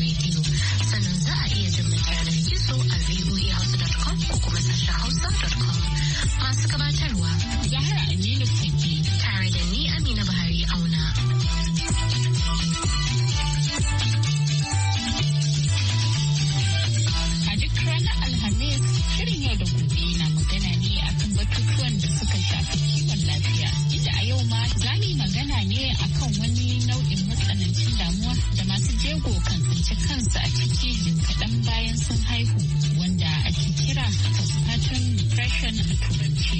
rediyo sannan za a iya jin yanar gizo a voahouse.com ko kuma sashen hausa.com masu gabatarwa zahra aminu fage tare da ni amina buhari auna a duk ranar alhamis shirin yau da gobe na magana ne akan batutuwan da suka shafi kiwon lafiya inda a yau ma za mu magana ne akan wani nau'in matsanancin damuwa jego kan tsinci kansa a ciki jin kaɗan bayan sun haihu wanda ake kira postpartum depression a turanci.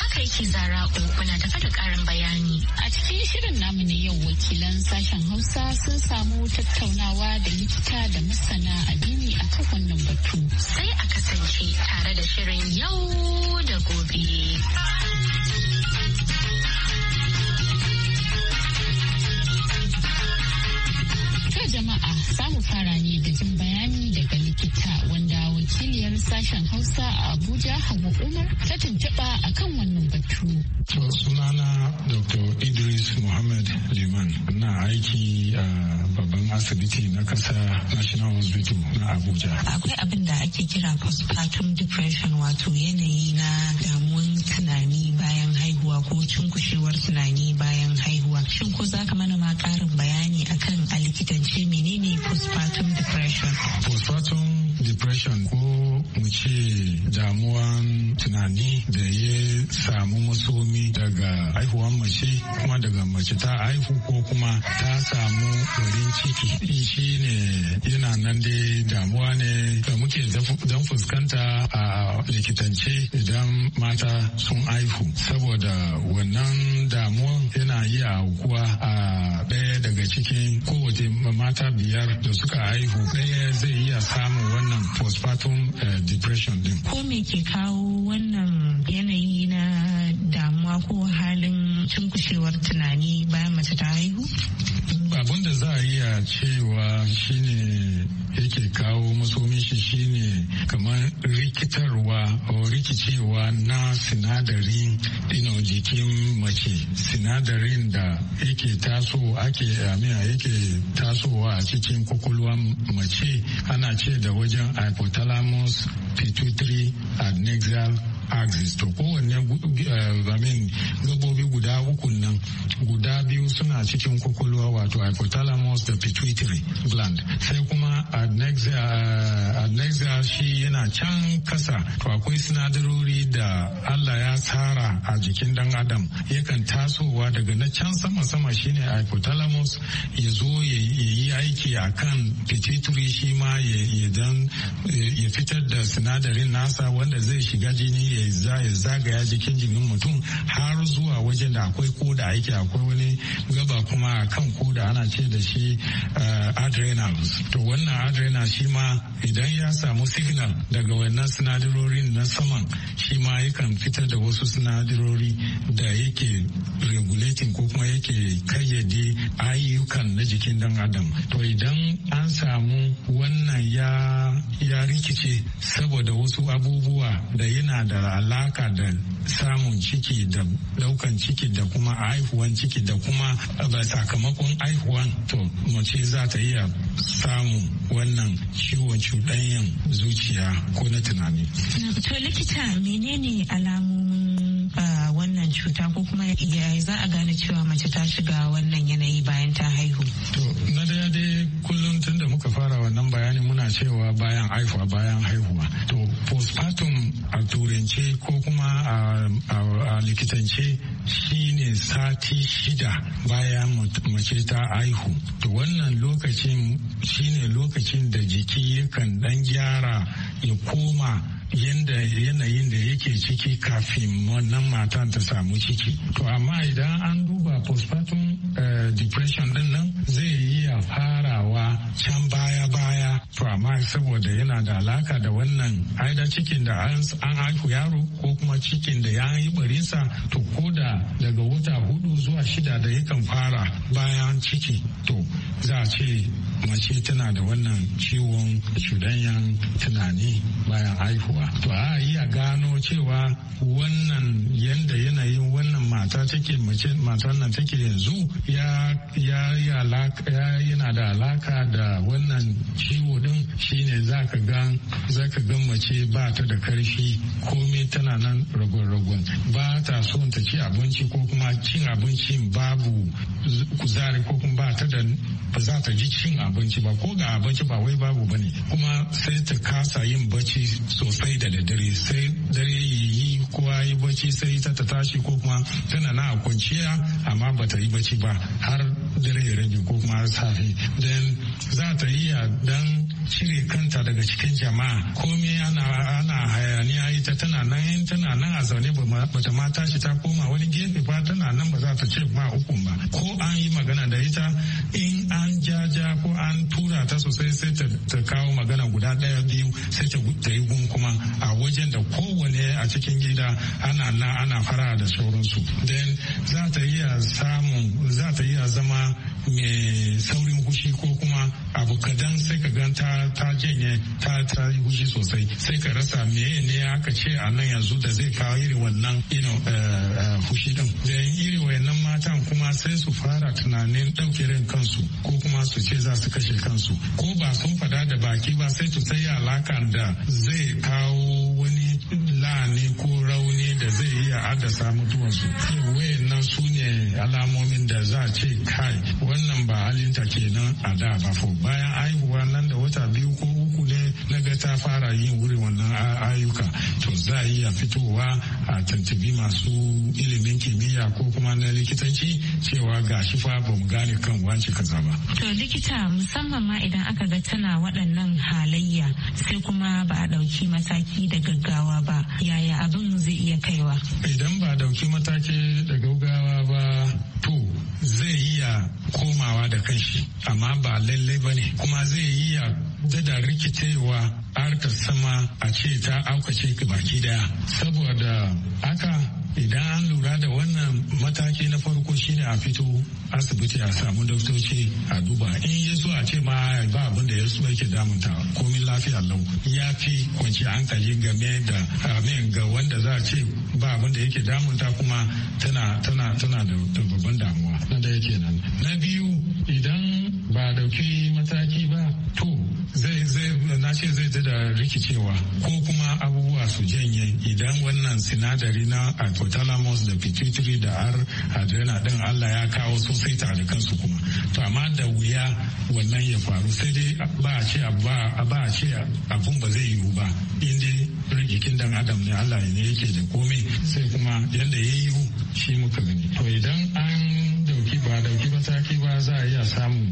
Haka yake zara na ta da ƙarin bayani. A cikin shirin namu na yau wakilan sashen Musa sun samu tattaunawa da likita da masana addini a kan wannan batu. Sai a kasance tare da shirin yau da gobe. jama'a za fara ne da jin bayani daga likita wanda wakiliyar sashen Hausa a Abuja Hawa Umar ta tuntuɓa a kan wannan batu. To sunana Dr. Idris Muhammad Liman na aiki a babban asibiti na kasa National Hospital na Abuja. Akwai abin da ake kira postpartum depression wato yanayi na damuwan tunani bayan haihuwa ko cunkushewar tunani bayan haihuwa. Shin ko za ka mana ma ƙarin bayani akan a likitance menene postpartum depression? Postpartum depression ko mu ce damuwan tunani da ya samu masomi daga haihuwan mace kuma daga mace ta haihu ko kuma ta samu farin ciki shi ne yana nan dai damuwa ne da muke don fuskanta a likitance idan mata sun haihu saboda wannan damuwa yana iya hukuwa a ɗaya daga cikin kowace mata biyar da suka haihu ɗaya zai iya samun wani wannan postpartum eh, depression din. Ko me ke kawo wannan yanayi na damuwa ko halin cunkushewar tunani bayan mace ta haihu? Abin da za a iya cewa shine yake kawo masomin shi shine kamar rikitarwa ko rikicewa na sinadarin ino jikin mace sinadarin da yake taso ake amina yake tasowa a cikin kwakwalwa mace ana ce da wajen hypothalamus pituitary adnexal axis to kowanne gamin eh, gabo guda uku nan guda biyu suna cikin kwakwalwa wato hypothalamus da pituitary gland sai kuma eh, adnexia shi yana can kasa to akwai sinadarori da allah ya tsara a jikin dan adam yakan tasowa daga na can sama-sama shine hypothalamus ya zo ya yi aiki a kan pituitary shi ma ya fitar da sinadarin nasa wanda zai shiga jini ya zagaya jikin jikin mutum har zuwa wajen da akwai koda yake akwai wani gaba kuma kan koda ana ce da shi eh, adrenals to wannan adrenal shi ma idan ya samu signal daga wannan sinadarorin na saman shi ma yakan fitar da wasu sinadarori da yake regulating ko kuma yake kayyade ayyukan na jikin dan adam to idan an samu wannan ya ya rikice saboda wasu abubuwa da yana da alaka da samun ciki da daukan ciki ciki da kuma a haihuwan ciki da kuma a sakamakon haihuwan to mace za ta iya samun wannan ciwon cuɗanyan zuciya ko na tunani. na To likita menene alamu wannan cuta ko kuma ya za a gane cewa mace ta shiga wannan yanayi bayan ta haihu to na daya dai kullum tun da muka fara wannan bayani muna cewa bayan haihuwa bayan haihuwa to postpartum a turance ko kuma a likitance shine sati shida bayan mace ta haihu to wannan lokacin shine lokacin da jiki yakan dan gyara ya koma yadda yanayin da yake ciki kafin wannan matan ta samu ciki to amma idan an duba postpartum eh, depression din nan zai iya farawa can baya-baya to amma saboda yana da alaka da wannan aida cikin da an haihu yaro ko kuma cikin da ya yi barinsa to ko da daga wata hudu zuwa shida da yakan fara bayan ciki to za a ce mace tana da wannan ciwon cudanyan tunani bayan haihuwa to a iya gano cewa wannan yanda yanayin wannan mata take mace matan nan take yanzu ya ya yana da alaka da wannan ciwo din shine zaka ga zaka ga mace ba ta da karfi komai tana nan ragon-ragon ba ta son ta ci abinci ko kuma cin abincin babu kuzari ko kuma ba ta da ba za ta ji cin abinci ba ko ga abinci ba wai babu bane kuma sai ta kasa yin bacci bacci sosai da daddare sai dare yi kowa yi bacci sai ta tashi ko kuma tana na kwanciya amma ba ta yi bacci ba har dare ya rage ko kuma safe don za ta yi a dan cire kanta daga cikin jama'a komai ana ana hayaniya ita tana nan in tana nan a zaune ba ta ma tashi ta koma wani gefe ba tana nan ba za ta ce ma ukun ba ko an yi magana da ita in an jaja ko an tura ta sosai sai ta kawo magana guda daya biyu sai ta yi gun kuma a wajen da kowane a cikin gida ana na ana fara da sauransu. Den za ta iya samun za ta iya zama mai saurin hushi ko kuma abu kadan sai ka gan ta ta janye ta ta hushi sosai sai ka rasa meye ne aka ce a nan yanzu da zai kawo iri wannan ino eh, eh, hushi din da iri wannan matan kuma sai su fara tunanin ɗauke ran kansu ko kuma su ce za su kashe kansu ko ba sun fada da baki ba sai su sai alaƙar da zai kawo wani illa ne ko rauni da zai iya haddasa mutuwarsu wayan nan su ne alamomin da za a ce kai wannan ba halinta kenan a da ba bayan haihuwa nan da wata biyu ko na ga ta fara yin wurin wannan ayyuka to za a iya fitowa a tantabi masu ilimin kimiyya ko kuma na likitanci cewa ga shi fa ba mu gane kan wance kaza ba. To likita musamman ma idan aka ga tana waɗannan halayya sai kuma ba a ɗauki mataki da gaggawa ba yaya abin zai iya kaiwa. Idan ba a ɗauki mataki da gaggawa ba to zai iya komawa da kanshi amma ba lallai ba ne kuma zai iya da rikicewa harkar sama a ce ta aukace baki daya saboda haka idan an lura da wannan mataki na farko shine a fito asibiti a samu doktoci a duba in ya zo a ce ma ba abin da ya so yake damunta komin lafiya lau ya fi kwanci hankali game da amin ga wanda za a ce ba abin da yake damunta kuma tana tana tana da babban damuwa na na biyu idan ba dauki mataki ba to zai zai na ce zai ji da rikicewa ko kuma abubuwa su janye idan wannan sinadari na hypothalamus da pituitary da har adrenal din Allah ya kawo sosai tare kansu kuma to amma da wuya wannan ya faru sai dai ba a ce ba a ce abun ba zai yiwu ba in dai jikin dan adam ne Allah ne yake da komai sai kuma yadda ya yiwu shi muka gani to idan an ba dauki mataki ba za a iya samu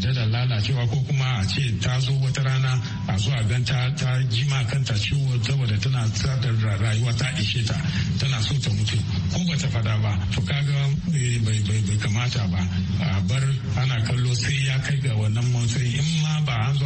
jada lalacewa ko kuma a ce ta zo wata rana a zuwa a gan ta jima kanta ciwo saboda tana tsadar rayuwa ta ishe ta tana so ta mutu ko bata fada ba to kaga eh, bai kamata ba a bar ana kallo sai ya kai ga wannan motsi in ma ba an zo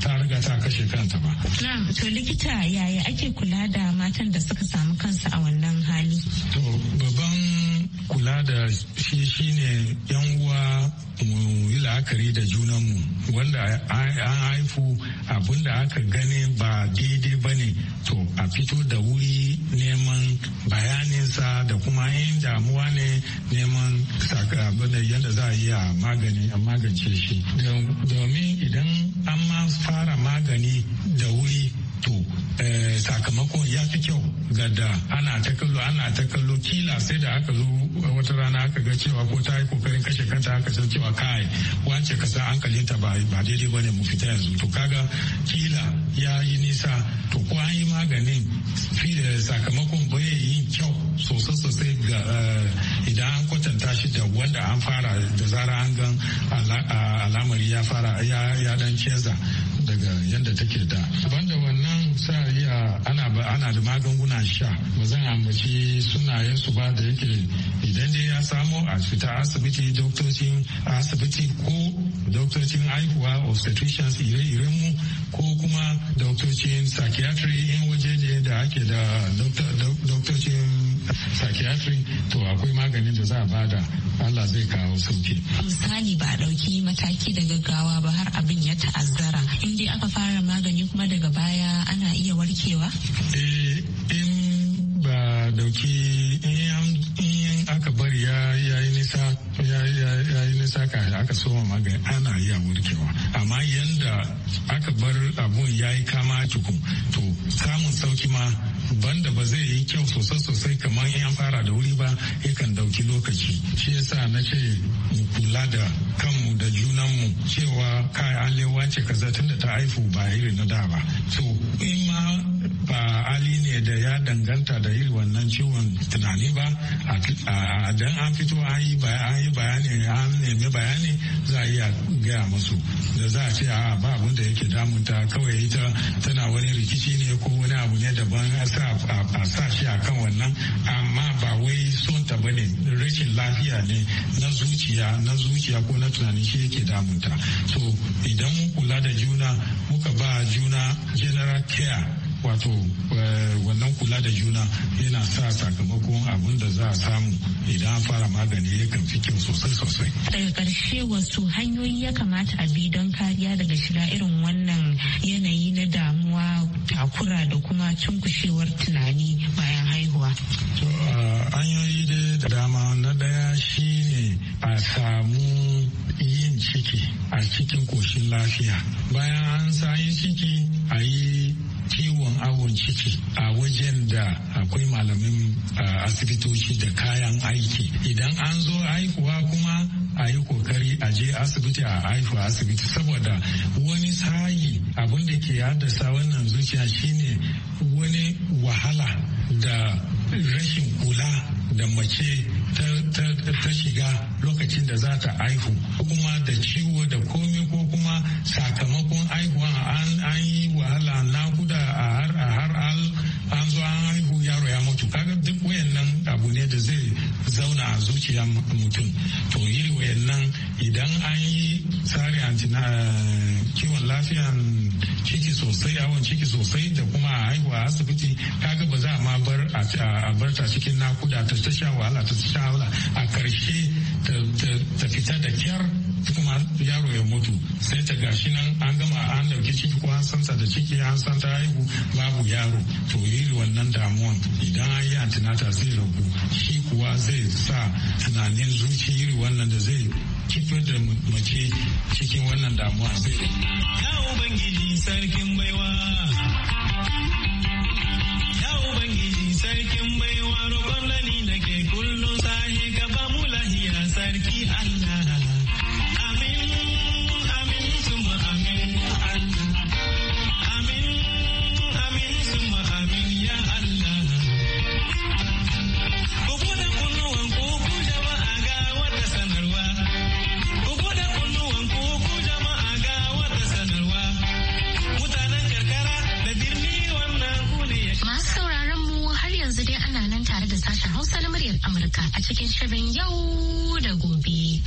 ta riga ta kashe kanta ba. Na'am to likita yaya ake kula da matan da suka samu kansu a wannan hali? To babban kula da shi shine yan uwa mu yi la'akari da junanmu wanda an haifu abin aka gani ba daidai ba ne to a fito da wuri neman bayaninsa da kuma yin damuwa ne neman yadda za a yi a magani a magance shi domin idan an ma fara magani da wuri to Eh, sakamakon ya fi kyau ga da ana ta kallo ana ta kallo kila sai da aka zo wata rana aka ga cewa ko ta yi kokarin kashe kanta aka san cewa kai wance ka sa hankalinta ba daidai ba ne mu fita yanzu to kaga kila ya yi nisa to ko an yi maganin sakamakon bai yi kyau sosai sosai ga eh, idan an kwatanta shi da wanda an fara da zara an gan al'amari ya fara ya dan ceza daga yadda take da banda wannan sa iya ana ana da magunguna sha ba zan ambaci sunayen su ba da yake idan dai ya samo a fita asibiti doktocin asibiti ko doktocin haihuwa obstetricians ire-iren mu ko kuma doktocin psychiatry in waje da ake da doktocin psychiatric to akwai maganin da za a bada Allah zai kawo sauki. Misali ba a ɗauki mataki da gaggawa ba har abin ya ta'azzara. In dai aka fara magani kuma daga baya ana iya warkewa? Eh, in ba dauki in aka bari ya yi nisa ya yi nisa ka aka soma magani ana iya warkewa amma yanda aka bar abun ya yi kama tuku to samun sauki ma banda ba zai yi kyau sosai sosai kamar in an fara da wuri ba yakan dauki lokaci shi yasa na ce mu kula da kanmu da junan mu cewa kai alewa ce kaza tunda ta haifu ba iri na da ba to in ma ba hali ne da ya danganta da yin wannan ciwon tunani ba a dan an fito an yi bayani an nemi bayani za a iya gaya musu da za a ce a ba abun da yake damunta kawai ita tana wani rikici ne ko wani abu ne daban a sa shi a kan wannan amma ba wai son ta bane rashin lafiya ne na zuciya na zuciya ko na tunani shi yake damunta so idan mun kula da juna muka ba juna general care wato eh, wannan kula da juna yana sa sakamakon abin da za a samu idan an fara magani yakan fi kyau sosai sosai daga ƙarshe wasu hanyoyi ya kamata a bi don kariya daga shiga irin wannan yanayi na damuwa takura da kuma cunkushewar tunani bayan haihuwa eh, hanyoyi da dama na shi shine a samu yin ciki a cikin koshin lafiya bayan an sa yin ciki a yi ciwon awon ciki a wajen da akwai malamin asibitoci da kayan aiki idan an zo haihuwa kuma a yi kokari a je asibiti a haifu asibiti saboda wani sayi abin da ke haddasa wannan zuciya shine wani wahala da rashin kula da mace ta shiga lokacin da za ta haihu kuma da ciwo da komi ko kuma sakamakon aihuwa an yi wahala nakuda ne da zai zauna a zuciya mutum to iri wayannan idan an yi tsari eh, kiwon lafiyan ciki sosai awon ciki sosai da kuma a haihuwa asibiti kaga ba za a ma bar a barta cikin nakuda ta sha wahala ta sha a karshe ta fita da kyar kuma yaro ya mutu sai ta gashi nan an gama an dauki ciki ko an santa da ciki an ta haihu babu yaro to iri wannan damuwan idan an yi antinata zai ragu shi kuwa zai sa tunanin zuci iri wannan da zai kifo da mace cikin wannan damuwa zai Ya Ubangiji sarkin baiwa. Hausa na muryar Amurka a cikin shirin yau da gobe.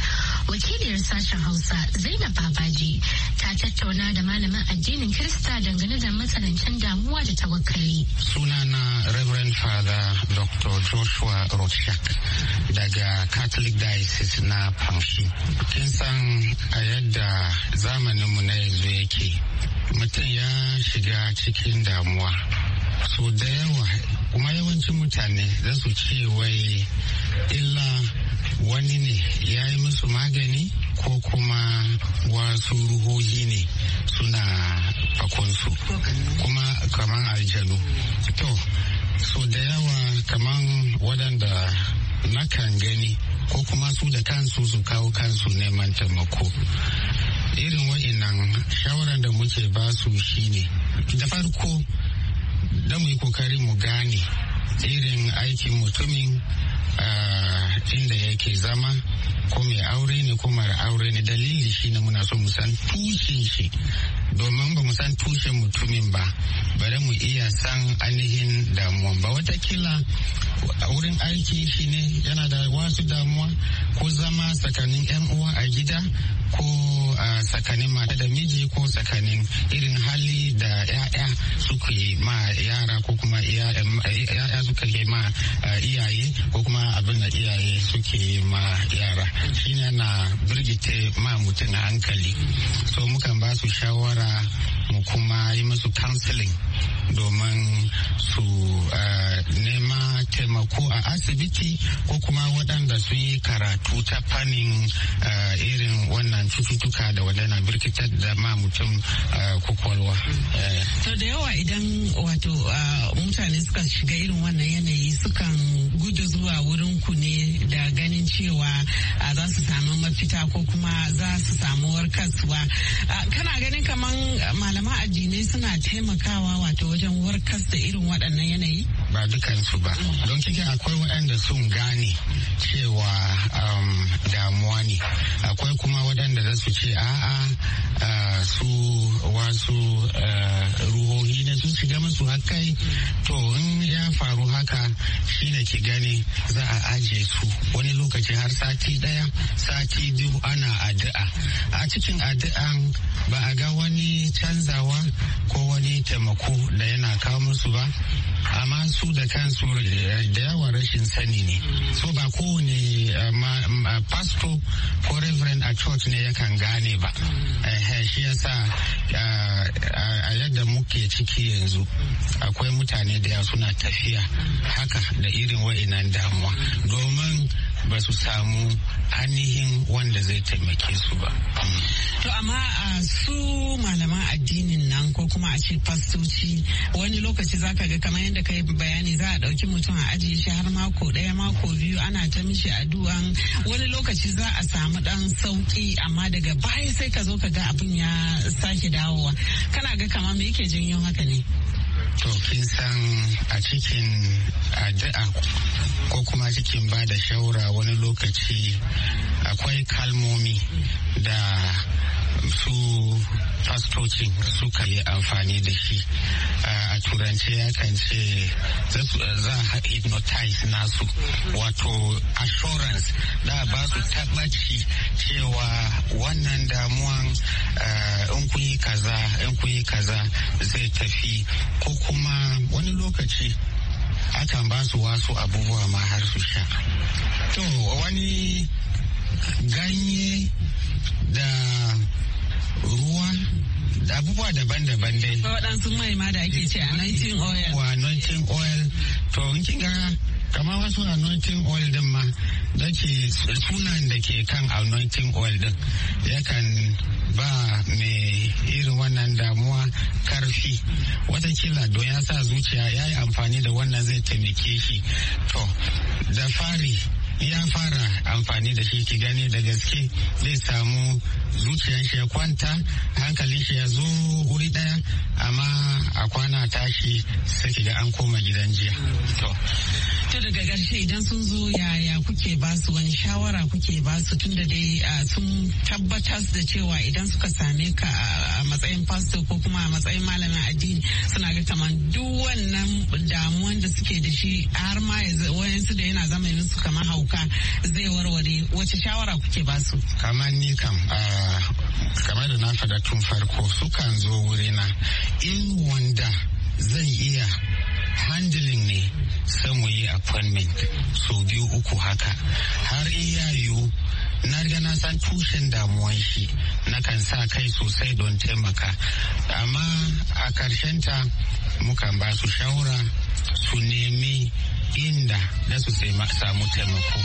Wakiliyar sashen Hausa Zainab Babaji ta tattauna da malamin addinin Kirista dangane da matsanancin damuwa da tawakkali. Sunana Reverend Father Dr. Joshua Rothschild daga Catholic Diocese na Pamshi. Kin san a yadda zamaninmu na yanzu yake, mutum ya shiga cikin damuwa. So da yawa kuma yawancin mutane za su ce wai illa wani ne ya yi musu magani ko kuma wasu ruhohi ne suna fakonsu kuma kaman aljanu to so da yawa kaman waɗanda kan gani ko kuma su da kansu su kawo kansu neman taimako irin wa'inan shawaran da muke ba basu shine da farko don mu yi kokari mu gane irin aikin mutumin inda yake zama ko mai aure ne ko mara aure ne dalili shine muna so musan san tushen shi domin ba mu tushen mutumin ba bare mu iya san ainihin damuwa ba watakila wurin aiki shi ne yana da wasu damuwa ko zama tsakanin yan uwa a gida ko a tsakanin mata da miji ko tsakanin irin hali da ya'ya suka yi ma yara ko kuma ya'ya suka yi ma iyaye ko kuma abin da iyaye suke ma yara shi ne na birgita ma mutum hankali so mukan ba su shawara mu kuma yi musu counseling domin su taimako a asibiti ko kuma waɗanda su yi karatu ta fannin eh, irin wannan cututtuka da wanda na birkitar da ma mutum eh, kwakwalwa. To da yawa idan wato ah, mutane suka shiga irin wannan yanayi sukan gudu zuwa wurin ku ne da ganin cewa ah, za su samu mafita ko kuma za su samu warkaswa. Ah, kana ganin kamar malaman addinai suna taimakawa wato wajen warkas da irin waɗannan yanayi? ba dukansu ba don cikin akwai waɗanda sun gane cewa um, damuwa ne akwai kuma waɗanda za su ce a'a uh, su wasu uh, ruhohi na sun shiga masu hakai to in ya faru haka shi ne ki gani za a ajiye su wani lokaci har sati ɗaya sati biyu ana addu'a a cikin addu'an ba a ga wani canzawa ko wani taimako da yana kawo musu ba amma su da kansu eh, da yawa rashin sani ne so ba kowane eh, pastor ko reverend a church ne yakan gane ba shi yasa eh, a yadda muke ciki yanzu akwai mutane da yawa suna tafiya haka da irin wa'inan damuwa domin ba su samu ainihin wanda zai taimake su ba. To amma su malaman addinin nan ko kuma a ce fastoci wani lokaci zaka ga kamar yadda ka yi bayani za a ɗauki mutum a ajiye shi har mako ɗaya mako biyu ana ta mishi addu'an wani lokaci za a samu ɗan sauƙi amma daga baya sai ka zo ka ga abin ya sake dawowa kana ga kamar me yake janyo haka ne. to kin san a cikin addu'a ko kuma cikin ba da shaura wani lokaci akwai kalmomi da su fastocin suka yi amfani da shi a turance yakan ce za a hypnotize nasu wato assurance da ba su tabbaci cewa wannan damuwan eh, in kuyi kaza in kaza zai tafi ko kuma wani lokaci akan ba su wasu abubuwa ma har su sha to wani ganye da ruwa abubuwa daban-daban dai. waɗansu mai ma da ake ce a anointing oil. Wa anointing oil. To in kin ga kamar wasu a anointing oil din ma da ke sunan da ke kan a anointing oil din yakan ba mai irin wannan damuwa karfi watakila don ya sa zuciya ya yi amfani da wannan zai taimake shi to da fari ya fara amfani da shi ki gani da gaske zai samu zuciyar shi ya kwanta hankali shi ya zo wuri daya amma a kwana tashi saki ki ga an koma gidan jiya fito daga ƙarshe idan sun zo yaya kuke ba su wani shawara kuke ba su da dai ah, sun tabbatar da cewa idan suka same ka a matsayin pastor ko kuma a matsayin malamin addini suna ga kamar duk wannan damuwan da suke da shi har ma wayansu da yana zama musu kamar hauka zai warware wace shawara kuke ba su kamar ni kam ah, kamar da na faɗa tun farko sukan zo wurina in wanda zan iya handling ne sai mu yi appointment so biyu uku haka har iya yiwu na ga na san tushen damuwan shi na kan sa kai sosai don taimaka amma a ta muka ba su shawara su nemi inda na su samu taimako.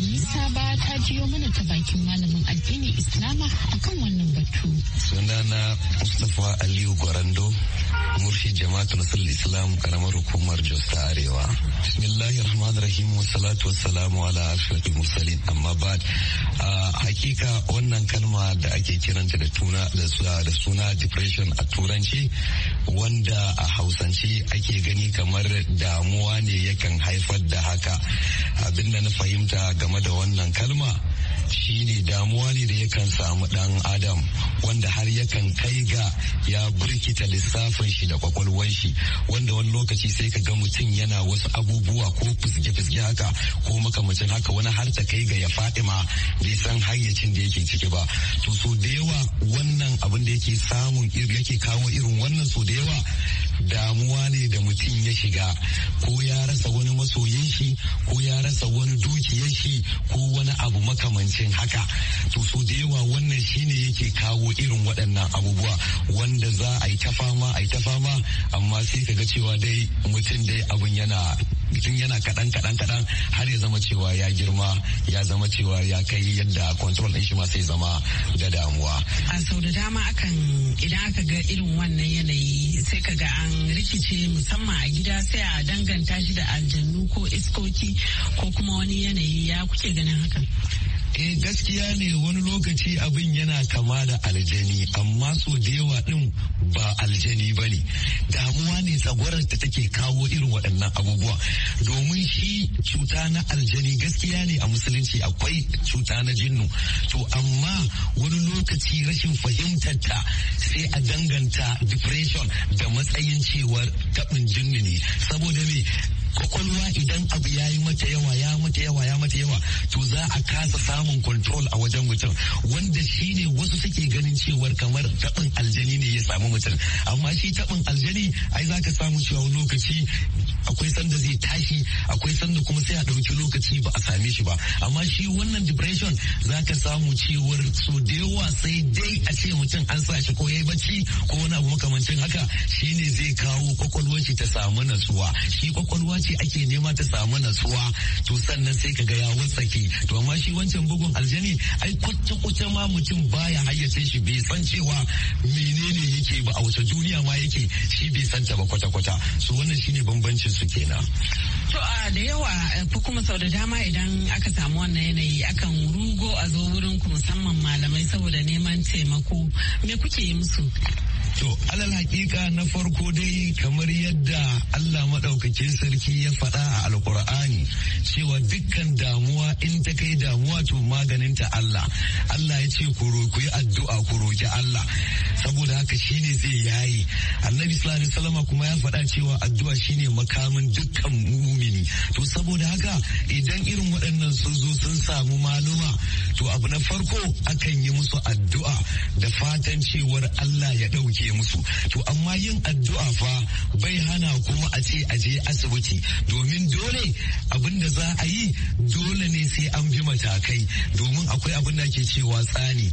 Nisa Saba ta jiyo mana ta bakin malamin addinin Islama akan wannan batu. Sunana Mustapha Aliyu Gwarando murshi jama'atul rasul islam karamar hukumar jos ta arewa bismillahir rahmanir rahim wa salamu ala ashrafil mursalin amma ba hakika wannan kalma da ake kiranta da tuna da suna depression a turanci wanda a hausance ake gani kamar damuwa ne yakan haifar da haka abinda na fahimta game da wannan kalma Shi ne damuwa ne da yakan samu dan adam wanda har yakan kai ga ya birkita lissafin shi da kwakwalwar shi wanda wani lokaci sai ka ga mutum yana wasu abubuwa ko fisge-fisge haka ko makamacin haka wani har ta kai ga ya faɗi ma bai san hayyacin da yake ciki ba to so da yawa wannan abin da yake samun yake kawo irin wannan so da yawa damuwa ne da mutum ya shiga ko ya rasa wani masoyin shi ko ya rasa wani dukiyar shi ko wani abu makamancin haka to so da yawa wannan shine yake kawo irin waɗannan abubuwa wanda za a yi ta fama a yi ta fama amma sai ka ga cewa dai mutum dai abun yana tun yana kaɗan kaɗan kaɗan har ya zama cewa ya girma ya zama cewa ya kai yadda control din shi ma sai zama da damuwa. A sau da dama akan idan aka ga irin wannan yanayi sai ka ga an rikice musamman a gida sai a danganta shi da aljannu ko iskoki ko kuma wani yanayi ya kuke ganin hakan. eh gaskiya ne wani lokaci abin yana kama da aljani amma so da yawa din ba aljani ba ne damuwa ne tsagwarar da take kawo irin waɗannan abubuwa domin shi cuta na aljani gaskiya ne a musulunci akwai cuta na jinnu to amma wani lokaci rashin fahimtar ta sai a danganta depression da matsayin cewar gabin jinnu ne saboda me kwakwalwa idan abu ya yi mata yawa ya mata yawa ya mata yawa to za a kasa samun control a wajen mutum wanda shi ne wasu suke ganin cewar kamar taɓin aljani ne ya samu mutum amma shi taɓin aljani ai za ka samu cewa lokaci akwai sanda zai tashi akwai sanda kuma sai a ɗauki lokaci ba a same shi ba amma shi wannan depression za ka samu cewar so da yawa sai dai a ce mutum an sa shi ko ya yi bacci ko wani abu makamancin haka shi ne zai kawo kwakwalwar shi ta samu natsuwa shi kwakwalwa ce ake nema ta samu nasuwa to sannan sai ka ga ya wasake to amma shi wancan bugun aljani ai kwata kwata ma mutum baya hayyace shi bai san cewa menene yake ba a wata duniya ma yake shi bai san ta ba kwata kwata so wannan shine bambancin su kenan to a da yawa eh, kuma sau da dama idan aka samu wannan yanayi akan rugo a zo wurin ku musamman malamai saboda neman taimako me kuke yi musu To alal hakika na farko dai kamar yadda Allah maɗaukakin sarki ya faɗa a alkur'ani cewa dukkan damuwa in ta kai damuwa to maganinta Allah. Allah ya ce ku roƙi addu'a ku roki Allah. saboda haka shi ne zai yaye. annabi sallallahu alaihi wasallam kuma ya faɗa cewa addu'a shine makamin dukkan mumini to saboda haka idan irin waɗannan sun zo sun samu maluma to abu na farko akan yi musu addu'a da fatan cewar Allah ya ɗauke musu to amma yin addu'a fa bai hana kuma a ce a je asibiti domin dole abin da za a yi dole ne sai an bi matakai domin akwai abin da ke cewa tsani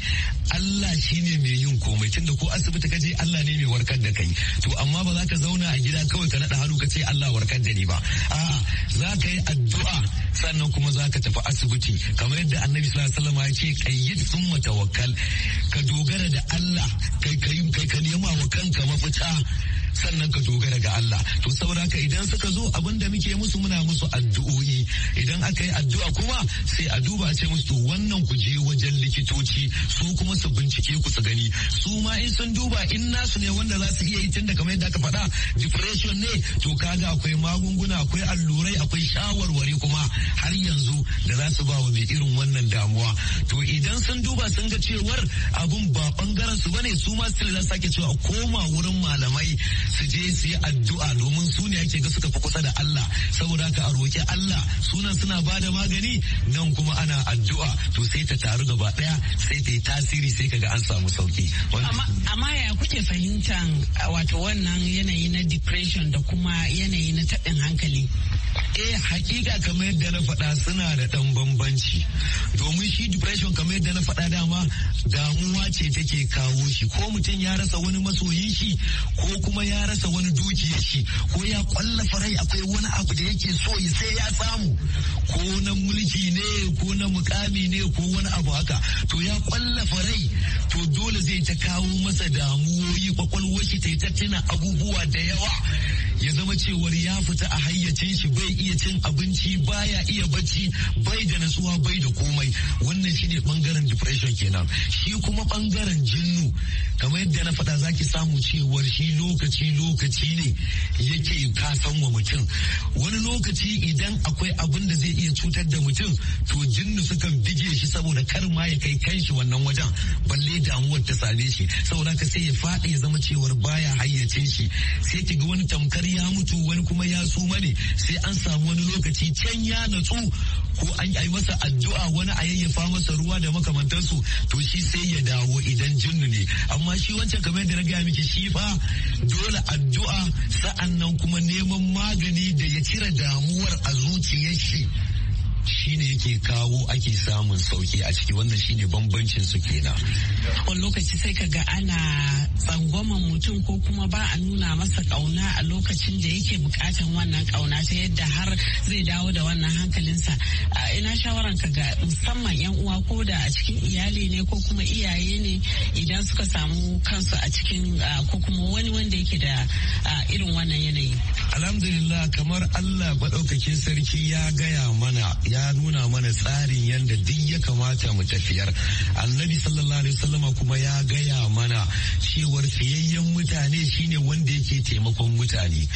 Allah shine mai yin komai tunda ko asibiti ka je Allah ne mai warkar da kai to amma ba za ka zauna a gida kawai ka naɗa hannu ka ce Allah warkar da ni ba a'a za ka yi addu'a sannan kuma za ka tafi asibiti kamar yadda annabi sallallahu alaihi wasallam ya ce kayyid summa tawakkal ka dogara da Allah kai kai ka nema wa kanka mafita sannan ka dogara ga Allah to saboda idan suka zo abin da muke musu muna musu addu'o'i idan aka yi addu'a kuma sai a duba a ce musu to wannan ku je wajen likitoci su kuma su bincike ku su gani su ma in sun duba in nasu ne wanda za su iya yi tunda kamar yadda aka faɗa depression ne to kaga akwai magunguna akwai allurai akwai shawarwari kuma har yanzu da za su ba wa mai irin wannan damuwa to idan sun duba sun ga cewar abun ba bangaren su bane su ma su sake cewa koma wurin malamai su je su yi addu'a domin su ne ake ga suka fi kusa da Allah saboda ka a roƙi Allah sunan suna ba da magani nan kuma ana addu'a to sai ta taru gaba daya sai ta yi tasiri sai kaga an samu sauki. Amma ya kuke fahimtan wato wannan yanayi na depression da kuma yanayi na taɓin hankali? eh hakika kamar yadda na faɗa suna da ɗan bambanci domin shi depression kamar yadda na faɗa dama damuwa ce take kawo shi ko mutum ya rasa wani masoyin shi ko kuma ya rasa wani dukiyar shi ko ya kwallafa rai akwai wani abu da yake so ya sai ya samu ko na mulki ne ko na mukami ne ko wani abu haka to ya kwallafa rai to dole zai ta kawo masa damuwoyi kwakwalwar shi ta yi ta abubuwa da yawa ya zama cewar ya fita a hayyacin shi bai iya cin abinci baya iya bacci bai da natsuwa bai da komai wannan shine bangaren depression kenan shi kuma bangaren jinnu kamar yadda na faɗa zaki samu cewar shi lokaci lokaci ne yake kasan wa mutum wani lokaci idan akwai abin da zai iya cutar da mutum to jinnu sukan bige shi saboda kar ma ya kai kanshi wannan wajen balle damuwar ta same shi saboda ka sai ya faɗi ya zama cewar baya hayyace shi sai ki ga wani tamkar wani ya mutu wani kuma ya suma ne sai an samu wani lokaci can ya natsu ko an yi masa addu'a wani a yayyafa masa ruwa da makamantansu to shi sai ya dawo idan jinnu ne amma shi wancan kamar yadda na gaya miki shi fa dole addu'a sa'annan kuma neman magani da ya cire damuwar a zuciyar shi shine yake kawo ake samun sauki a ciki wanda shine bambancin su kenan wani lokaci sai ka ga ana tsangwaman mutum ko kuma ba a nuna masa kauna a lokacin da yake bukatan wannan kauna ta yadda har zai dawo da wannan hankalinsa ina shawaran ka ga musamman yan uwa ko da a cikin iyali ne ko kuma iyaye ne idan suka samu kansu a cikin ko kuma wani wanda yake da irin wannan yanayi alhamdulillah kamar Allah maɗaukakin sarki ya gaya mana ya nuna mana tsarin yadda duk ya kamata mu tafiyar annabi sallallahu alaihi wasallama kuma ya gaya mana cewar siyayyen mutane shine wanda yake taimakon mutane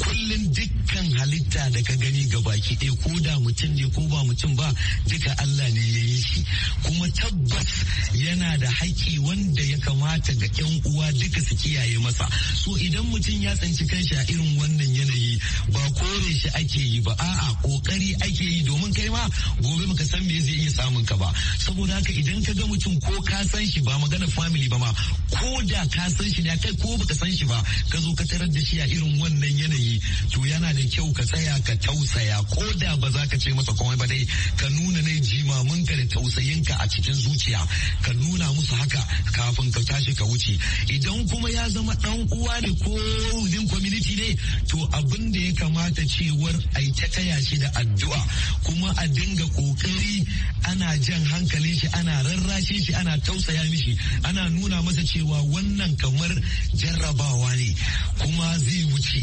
kullum dukkan halitta da ka gani ga baki ɗaya ko da mutum ne ko ba mutum ba duka Allah ne ya yi shi kuma tabbas yana da haƙƙi wanda ya kamata ga 'yan uwa duka su kiyaye masa so idan mutum ya tsinci kanshi a irin wannan yanayi ba kore shi ake yi ba a'a kokari ake yi domin kai ma ma gobe baka san me zai iya samun ka ba saboda haka idan ka ga mutum ko ka san shi ba magana family ba ma ko da ka san shi ne kai ko baka san shi ba ka zo ka tarar da shi a irin wannan yanayi to yana da kyau ka tsaya ka tausaya ko da ba za ka ce masa komai ba dai ka nuna ne jimamin ka da tausayin ka a cikin zuciya ka nuna musu haka kafin ka tashi ka wuce idan kuma ya zama dan uwa ne ko din community ne to abin da ya kamata cewar ai ta taya shi da addu'a kuma a dinga kokari ana jan hankalin shi ana rarrashe shi ana tausaya mishi ana nuna masa cewa wannan kamar jarrabawa ne kuma zai wuce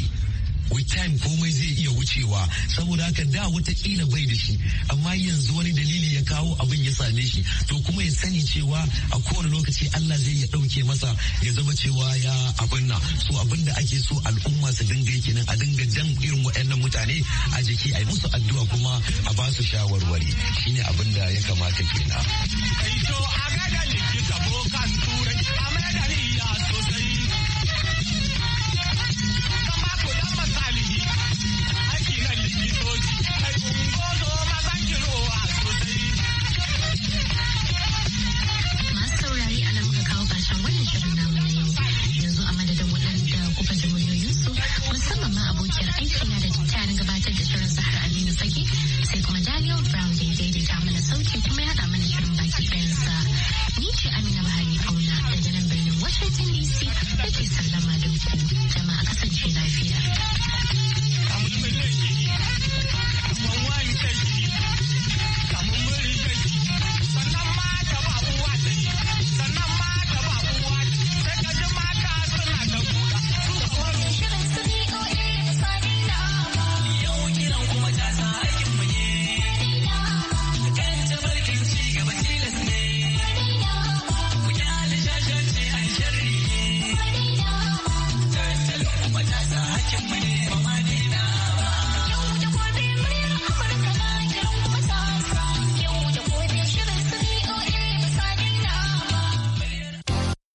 with time komai zai iya wucewa saboda haka da watakila bai da shi amma yanzu wani dalili ya kawo abin ya same shi to kuma ya sani cewa a kowane lokaci Allah zai ya ɗauke masa ya zama cewa ya abin na so abin da ake so al'umma su dinga yi kenan a dinga jan irin waɗannan mutane a jiki a yi musu addu'a kuma a ba su shawarwari shine abin da ya kamata kenan. Ito a bokan turai a musamman ma abokiyar aiki na da tarin gabatar da shirin Zahra Aminu Fage sai kuma Daniel Brown daidai.